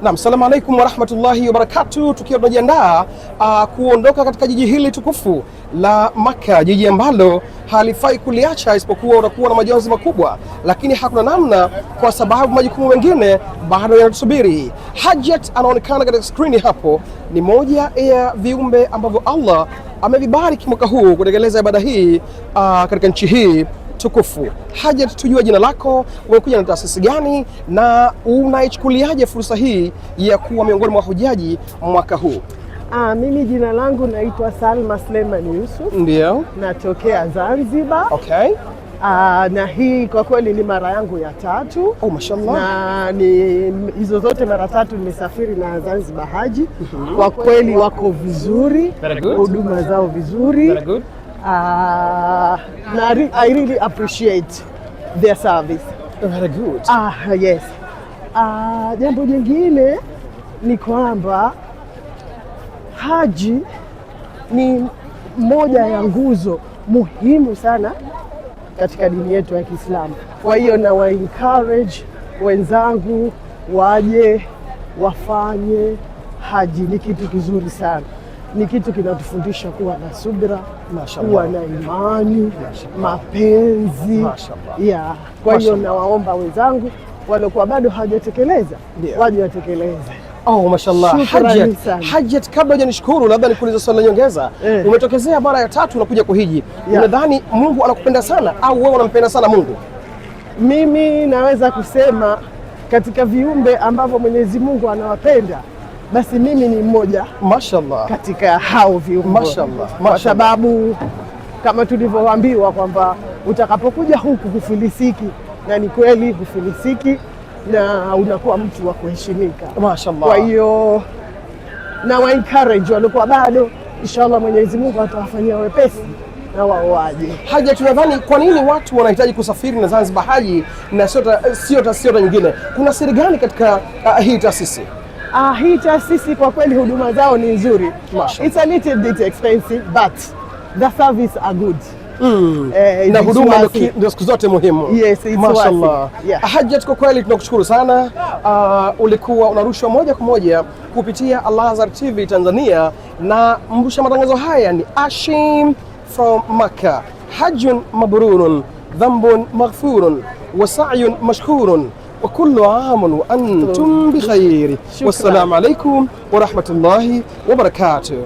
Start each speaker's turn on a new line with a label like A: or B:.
A: Naam, salamu alaikum warahmatullahi wabarakatu. Tukiwa tunajiandaa uh, kuondoka katika jiji hili tukufu la Maka, jiji ambalo halifai kuliacha isipokuwa unakuwa na majonzi makubwa, lakini hakuna namna, kwa sababu majukumu mengine bado yanatusubiri. Hajat anaonekana katika skrini hapo, ni moja ya viumbe ambavyo Allah amevibariki mwaka huu kutekeleza ibada hii uh, katika nchi hii tukufu. Haja tujue jina lako, umekuja na taasisi gani na unaichukuliaje fursa hii ya kuwa miongoni mwa wahojaji mwaka huu?
B: Aa, ah, mimi jina langu naitwa Salma Sleman Yusuf. Ndio. Natokea Zanzibar. Okay. Aa, ah, na hii kwa kweli ni mara yangu ya tatu. Oh, mashallah. Na ni hizo zote mara tatu nimesafiri na Zanzibar Haji. mm -hmm. Kwa kweli wako vizuri, huduma zao vizuri. Very good. Aa, ah, na re I really appreciate their service.
A: Very good.
B: Ah, yes. Ah, jambo jingine ni kwamba haji ni moja ya nguzo muhimu sana katika dini yetu ya Kiislamu. Kwa hiyo na wa encourage wenzangu waje wafanye haji, ni kitu kizuri sana ni kitu kinatufundisha kuwa na subira, kuwa na imani, mapenzi ya. Kwa hiyo nawaomba wenzangu waliokuwa bado hawajatekeleza waje watekeleze.
A: Oh, mashallah. Hajat, Hajat, kabla hujanishukuru labda nikuulize swali la nyongeza eh. Umetokezea mara ya tatu unakuja kuhiji yeah. Unadhani Mungu anakupenda sana au wewe unampenda sana Mungu?
B: Mimi naweza kusema katika viumbe ambavyo Mwenyezi Mungu anawapenda basi mimi ni mmoja
A: Mashallah.
B: katika hao viungo
A: Mashallah.
B: kwa sababu kama tulivyoambiwa kwamba utakapokuja huku hufilisiki, na ni kweli hufilisiki na unakuwa mtu wa kuheshimika Mashallah. Kwa hiyo na wa encourage walikuwa bado, inshallah Mwenyezi Mungu atawafanyia wepesi na wao waje.
A: Haja, tunadhani kwa nini watu wanahitaji kusafiri na Zanzibar Haji na sio sio nyingine? Kuna siri gani katika uh, hii taasisi?
B: Ah, hii taasisi kwa kweli huduma zao ni nzuri. It's a little bit expensive but the service are good.
A: Mm. Eh, na huduma ndio siku zote muhimu.
B: Yes, mashaallah.
A: Yeah. Ah, Hajat, kwa kweli tunakushukuru sana. Uh, ulikuwa unarushwa moja kwa moja kupitia Al Azhar TV Tanzania, na mrusha matangazo haya ni Ashim from Makkah. Hajjun mabrurun, dhambun maghfurun, wa sa'yun mashkurun وكل عام وأنتم بخير والسلام عليكم ورحمة الله وبركاته